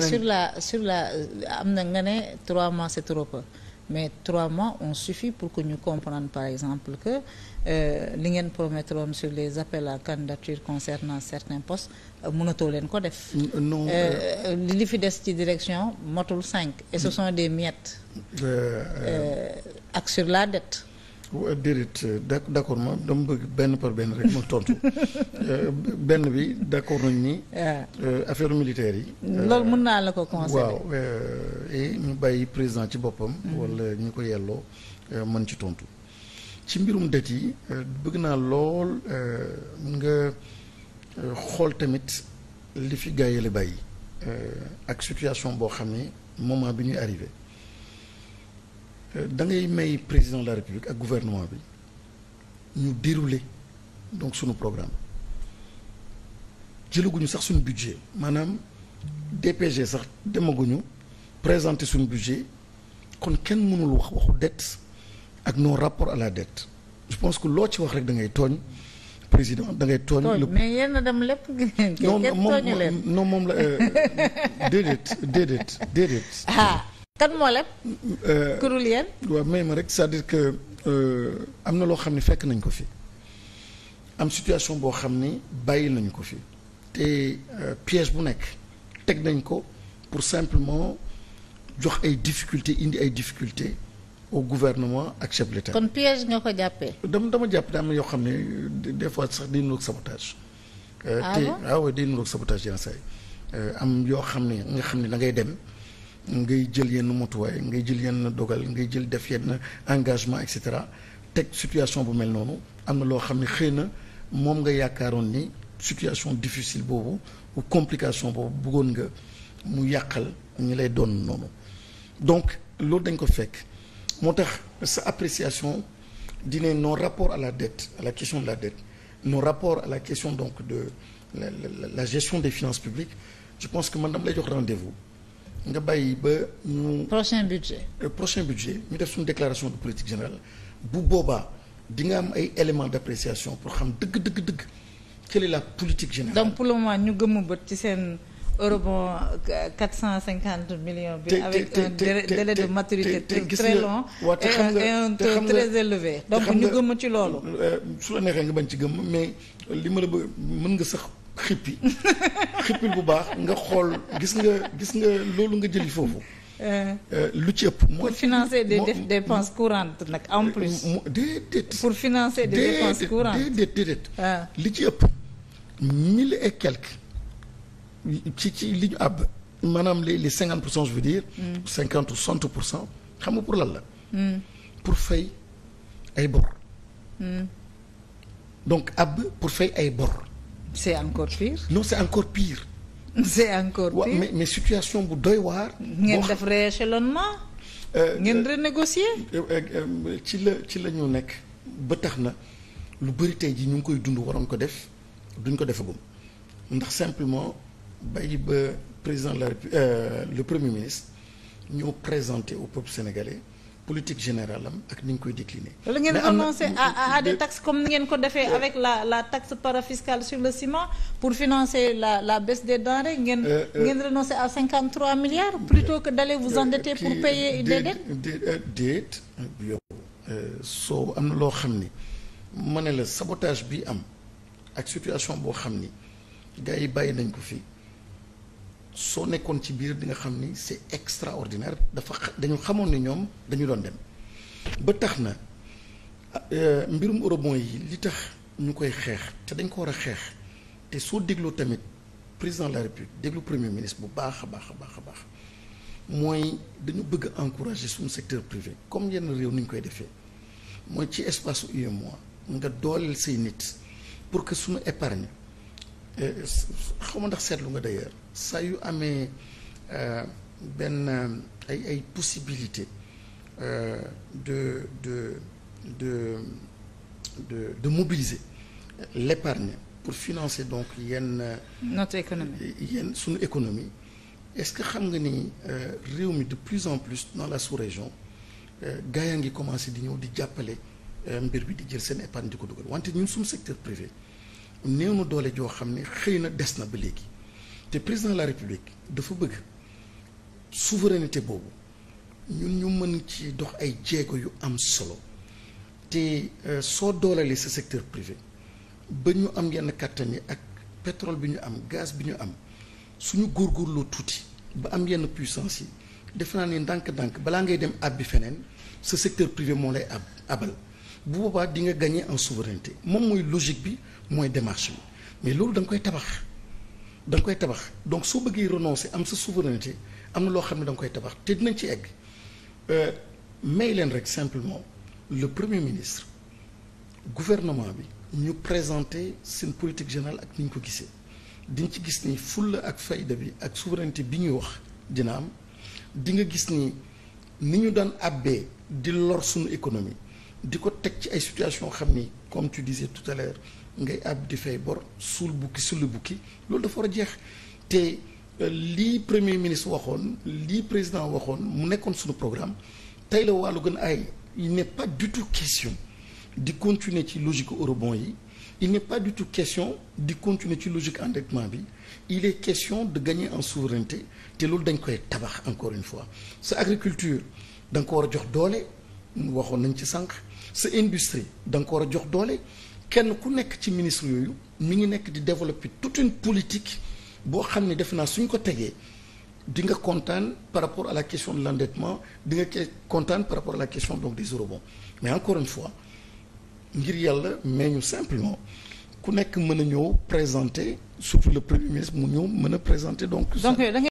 sur la sur la am na nga ne trois mois c'est trop peu mais trois mois on suffit pour que ñu comprendre par exemple que euh, li ngeen promettroon sur les appels à candidature concernant certains postes euh, mënatoo leen ko def. non euh, li fi des ci direction motul cinq. et ce mm. sont des miettes. ak sur la dette. déedéet euh, d' accord ma dama bëgg benn par benn rek moo tontu euh, benn bi d' accord nañ ni. Ah. Euh, affaire militaire yi. loolu mën naa la ko conseiller. waaw et ñu bàyyi président ci boppam. Mm-hmm. walla ñu ko yelloo mën ci tontu. ci mbirum det yi bëgg naa lool nga xool tamit li fi gaayale bàyyi. ak situation boo xam ni moment bi ñuy arriver Euh, da ngay may président de la république ak gouvernement bi ñu dérouler donc suñu programme jëlaguñu sax suñu budget maanaam DPG sax demaguñu présenter suñu budget kon kenn mënul wax waxu dette ak nos rapport à la dette je pense que loo ci wax rek da ngay tooñ président da ngay tooñ. mais yéen dem lépp. non moom non moom la euh, déedéet déedéet déedéet. Ah. kan moo leb. Euh, kudul yéen. waaw may ma rek c'est-à-dire que euh, am na loo xam ne fekk nañ ko fi am situation boo xam ni bàyyi nañu ko fi te euh, piège bu nekk teg nañ ko pour simplement jox ay difficultés indi ay difficultés au gouvernement ak chef de l'État. kon piège nga ko jàppee. dama jàpp daa am yoo xam ne des fois sax day nuroog sabotage. ah te waaw ah day nuroog sabotage yenn saa yi am yoo xam ne nga xam ne da ngay dem. ngay jël yenn motuwaay ngay jël yenn dogal ngay jël def yenn engagement et cetera teg situation bu mel noonu am na loo xam ne xëy na moom nga yaakaaroon ni situation difficile boobu ou complication boobu bëggoon nga mu yàqal ñi lay doon noonu donc loolu dañ ko fekk moo tax sa appréciation dina nos rapports à la dette à la question de la dette nos rapports à la question donc de la la, la gestion des finances publiques je pense que man dama lay jox rendez-vous nga bàyyi ba ñu. prochain budget. prochain budget ñu def suñu déclaration de politique générale bu boobaa di nga am ay éléments d'appréciation pour xam dëgg dëgg dëgg quelle est la politique générale. donc pour le moment ñu gëmm bët ci seen. eurobond 450 millions bi. avec un délai de maturité très long et un taux très élevé. donc ñu gëmm ci loolu. Euh, su la neexee nga bañ ci gëmm mais li ma la ba mën nga sax. xippi xippil bu baax nga xool gis nga gis nga loolu nga jël jëli foofu. Euh. Euh, lu ci ëpp. pour financer des dépenses courantes nag en euh, plus. déedéet pour financer des dépenses courantes déedéet déedéet ah. li ci ëpp mille et quelques ci ci li ñu àbb maanaam les les cinquante pour cent je hmm. cinquante ou pour cent xam nga pour lan la. Hmm. pour fay ay bor. Hmm. donc àbb pour fay ay bor. c'est encore pire. non c'est encore pire. c'est encore pire ouais, mais mais situation bu doy waar. ngeen def rééchelonnement. Euh, euh, ngeen renégocier. Euh, ci la ci la ñu nekk ba tax na lu bëri tey ji ñu ngi koy dund waroon ko def duñ ko defagum ndax simplement bàyyi ba président de la République le premier ministre ñoo présenté au peuple sénégalais. politique générale am ak ni ñu koy décliner. la ngeen renoncer à à des taxes comme ni ngeen ko defee euh, avec la tax taxe parafiscale sur le ciment pour financer la la baisse des denrées ngeen. Euh, euh, ngeen renoncer à 53 milliards. plutôt que d'aller vous endetter pour payer des dettes. soo am na loo xam ni ma ne la sabotage bi am ak situation boo xam ni gars yi bàyyi nañ ko fii. soo nekkoon ci biir di nga xam ni c'est extraordinaire dafa dañu xamoon ni ñoom dañu doon dem ba tax na euh, mbirum eurobond yi li tax ñu koy xeex te dañ ko war a xeex te soo dégloo tamit président la république déglu premier ministre bu baax a baax a baax a baax mooy dañu bëgg a encourager suñu secteur privé comme yenn réew ni ñu koy defee mooy ci espace UEMOA nga dooleel say nit pour que suñu épargne Euh, xaw ma ndax seetlu nga d'ailleurs sa yu amee euh, benn ay ay possibilité euh, de de de de de mobiliser l'épargne pour financer donc yenn. notre économie yenn sunu économie. est-ce que xam nga ni réew mi de plus en plus dans la sous-région gars yaa ngi commencé di ñëw di jàppale mbir bi di jël seen épargne di ko dugal wante ñun suñu secteur privé. néew na doole joo xam ne xëy na des na ba léegi te président la république dafa bëgg souveraineté boobu ñun ñu mën ci dox ay jéego yu am solo te euh, soo doolelee sa secteur privé ba ñu am yenn kàttan yi ak pétrole bi ñu am gaz bi ñu am suñu góorgóorloo tuuti ba am yenn puissance yi def naa ne ndànk dànk balaa ngay dem àbbi feneen sa secteur privé moo lay ab abal bu boobaa di nga gagner en souveraineté moom mooy logique bi mooy démarche bi mais loolu da nga koy tabax da nga koy tabax donc soo bëggee renoncer am sa souveraineté am na loo xam ne danga koy tabax te dinañ ci egg euh, may leen rek simplement le premier ministre gouvernement bi ñu présenter seen politique générale ak ni ñu ko gisee di ci gis ni fulla ak fayda bi ak souveraineté bi ñuy wax dina am di nga gis ni ni ñu daan àbbee di lor suñu économie di ko teg ci ay situation xam ni comme tu disais tout à l'heure ngay ab di fay bor suul bukki sulli bukki loolu dafa war a jeex te euh, lii premier ministre waxoon lii président waxoon mu nekkoon suñu programme tey la lu gën ay il n'est pas du tout question di continuer ci logique eurobond yi il n'est question di continuer ci logique endettement bi il est question de gagner en souveraineté te loolu dañ koy tabax encore une fois sa agriculture da nga ko war a jox doole waxoon nañ ci sànq sa industrie da ko war a jox doole kenn ku nekk ci ministre yooyu mi ngi nekk di développer tout une politique boo xam ne defe naa suñ ko tegee di nga kontaan par rapport à la question de l'endettement di nga kontaan par rapport à la question donc des eurobonds mais encore une fois ngir yàlla mais ñu simplement ku nekk mën a ñëw présenter surtout le premier ministre mu ñëw mën a présenter donc. donc euh,